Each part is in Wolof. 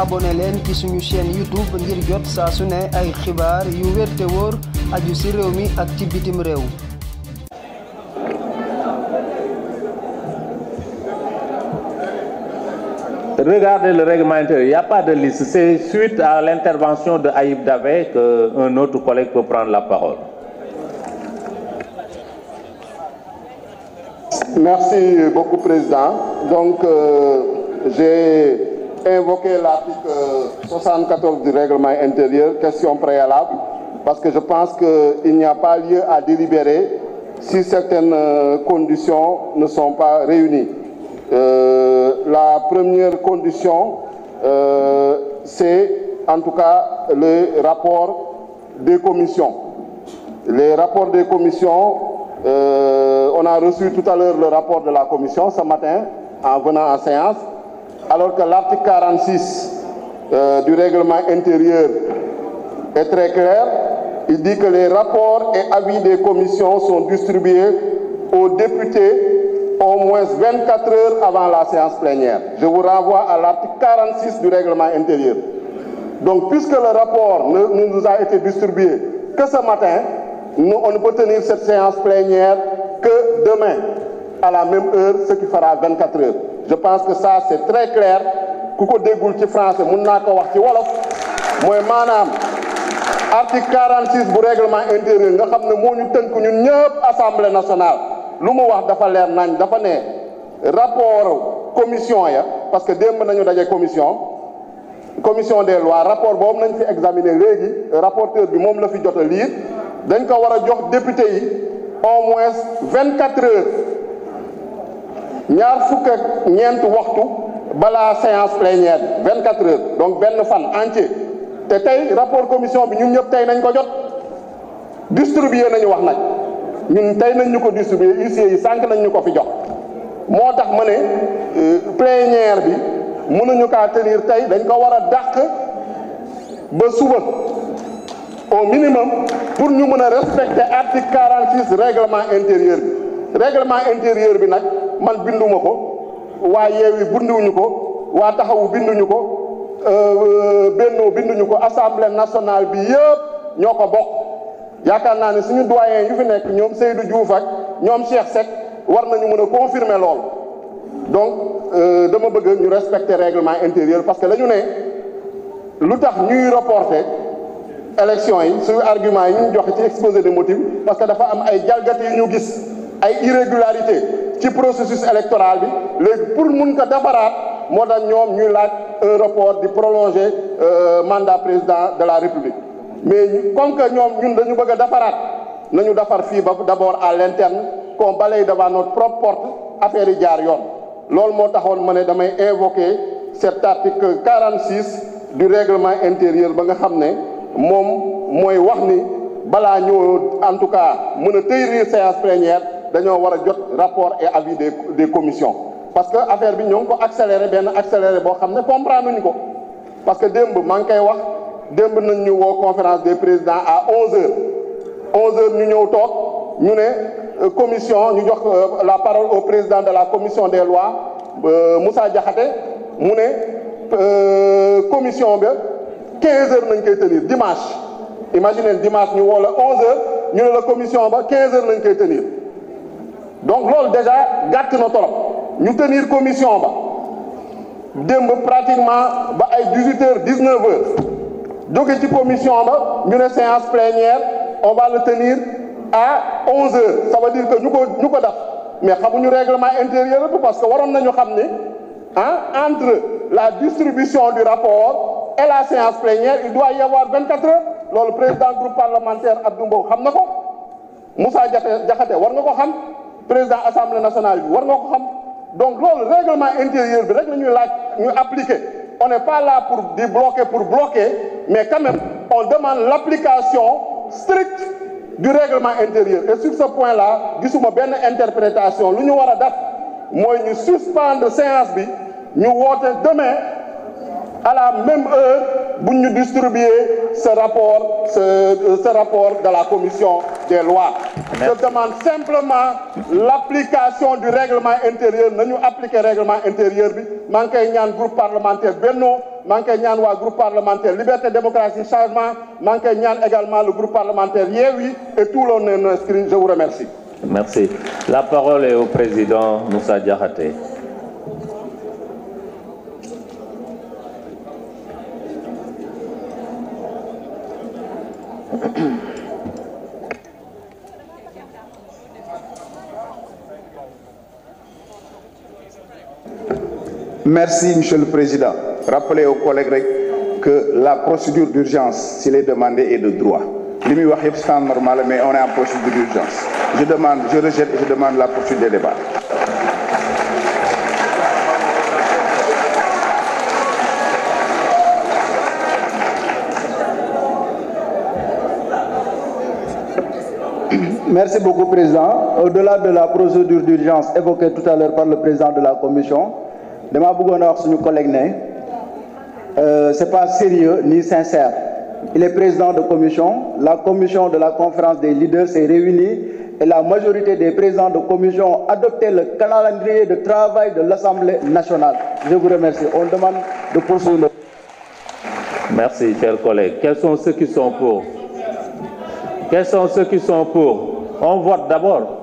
abonné leen ci i chaîne YouTube ngir jot saa su ne ay xibaar yu wér te wóor aju ci réew mi ak ci bitim réew. Regardez le règlement intérieur, il n'y a pas de liste. C'est suite à l'intervention de Aïb Davé qu'un autre collègue peut prendre la parole. Merci beaucoup, Président. Donc, euh, j'ai invoquer l'article 74 du règlement intérieur, question préalable, parce que je pense qu'il n'y a pas lieu à délibérer si certaines euh, conditions ne sont pas réunies. Euh, la première condition, euh, c'est en tout cas le rapport de commissions. Les rapports des commissions, euh, on a reçu tout le rapport de la commission ce matin en venant en séance. alors que l'article 46 euh, du règlement intérieur est très clair. Il dit que les rapports et des commissions sont distribués aux députés au moins 24 heures avant la séance plénière. Je vous renvoie à l'article 46 Donc, puisque le rapport ne, nous a ce matin, nous, que demain, à la même heure, ce je pense que ça c'est très clair ku ko déggul ci français mun naa ko wax ci wolof mooy maanaam article 46 bu règlement intérieur nga xam ne moo nu ñu tënk ñun ñëpp assemblée nationale lu mu wax dafa leer nañ dafa ne rapport commission ya parce que démb nañu daje commission commission des lois rapport boobu nañ fi examiner léegi rapporteur bi moom la fi jot a lire dañ ko war a jox député yi au moins vingt quatre heures ñaar fukk ak ñeent waxtu balaa séance plénière bi 24 heures donc benn fan entier te tey rapport commission bi ñun ñëpp tey nañ ko jot distribuer nañu wax nag ñun tey nañ ñu ko distribuer huissier yi sànq nañ ñu ko fi jox moo tax ma ne euh, plénière bi mënuñu kaa tenir tey dañ ko war a dàq ba suba au minimum pour ñu mën a respecter article 46 réglement intérieur bi réglement intérieur bi nag. man binduma ko waa yeewi binduñu ko waa taxawu binduñu ko euh, euh, bennoo binduñu ko assemblée nationale bi yëpp ñoo ko bokk yaakaar naa ne suñu doyen yu fi nekk ñoom Seydou Diouf ak ñoom Cheikh Seck war nañu mën a confirmer lool donc euh, dama bëgg ñu respecter règlement intérieur parce que la ne lu tax ñuy reporter élection yi suñu argument yi ñu joxe ci exposé des motifs parce que dafa am ay jalgati yu ñu gis ay irrégularité ci processus électoral bi léegi pour mun ko defaraat moo tax ñoom ñuy laaj un report di prolonger euh, mandat président de la république mais comme que ñoom ñun dañu bëgg a defaraat nañu defar fii ba d'abord à l'interne qu'on balaye devant notre propre porte affaire yi jaar yoon loolu moo taxoon ma ne damay invoquer cet article 46 du règlement intérieur ba nga xam ne moom mooy wax ni balaa ñëw en tout cas mën a tëyrir séance plénière dañoo war a jot rapport et avis de des commissions parce que affaire bi ñoo ngi ko accéléré benn accéléré boo xam ne comprendre nañu ko parce que démb maa ngi koy wax démb nañ ñu woo conférence des président à 11h 11h ñu ñëw toog ñu ne euh, commission ñu jox euh, la parole président de la commission des lois euh, Moussa Diakhaté mu ne commission ba 15h nañ koy tenir dimanche. imaginez dimanche ñu woo la 11 ñu ne la commission ba 15h lañ koy tenir. donc loolu déjà gàtt na trop ñu tenir commission ba démb pratiquement ba ay 18 heures 19 heures jóge ci commission ba ñu ne séance plénière on va le tenir à 11 heures ça veut dire que ñu ko ñu ko def mais xamuñu règlement intérieur bi parce que waroon nañu xam ne ah entre la distribution du rapport et la séance plénière il doit y avoir 24 heures loolu président groupe parlementaire Abdou Mbow xam na ko Moussa Diakhaté war nga ko président assemblée nationale bi war nga ko xam donc loolu règlement intérieur bi rek la ñuy laaj ñu appliquer on n'est pas la pour di bloquer pour bloquer mais quand même on demande l'application stricte du règlement intérieur et sur ce point là gisuma benn interprétation lu ñu war a def mooy ñu suspendre séance bi ñu woote demain à la même heure bu ñu distribuer ce rapport, ce, ce rapport de la commission des lois. Merci. Je demande simplement l'application du règlement intérieur nañu appliquer règlement intérieur bi maa ngi koy ñaan groupe parlementaire Benno maa ngi koy ñaan waa groupe parlementaire Liberté Démocratie Changement maa ngi koy ñaan également le groupe parlementaire Yewwi et tout le monde inscrit je vous remercie. Merci. La parole est au président Moussa Diakhaté. Merci, Monsieur le Président. Rappelez aux collègues que la procédure d'urgence, s'il est demandé, est de droit. normal, mais on est en procédure d'urgence. Je demande, je rejette, je demande la poursuite des débats. Merci beaucoup, Président. Au-delà de la procédure d'urgence évoquée tout à l'heure par le Président de la Commission, dama bëggoon a wax suñu collègue ne euh, c'est pas sérieux ni sincère. Il est président de commission. La commission de la conférence des leaders s'est réunie et la majorité des présidents de commission ont le calendrier de travail de l'Assemblée nationale. Je vous remercie. On demande de poursuivre. Merci, chers collègues. Quels sont ceux qui sont pour? Quels sont ceux qui sont pour? on vote d'abord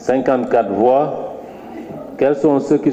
54 voix. Quels sont ceux qui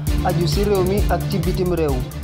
aju ci réew mi ak ci bitim réew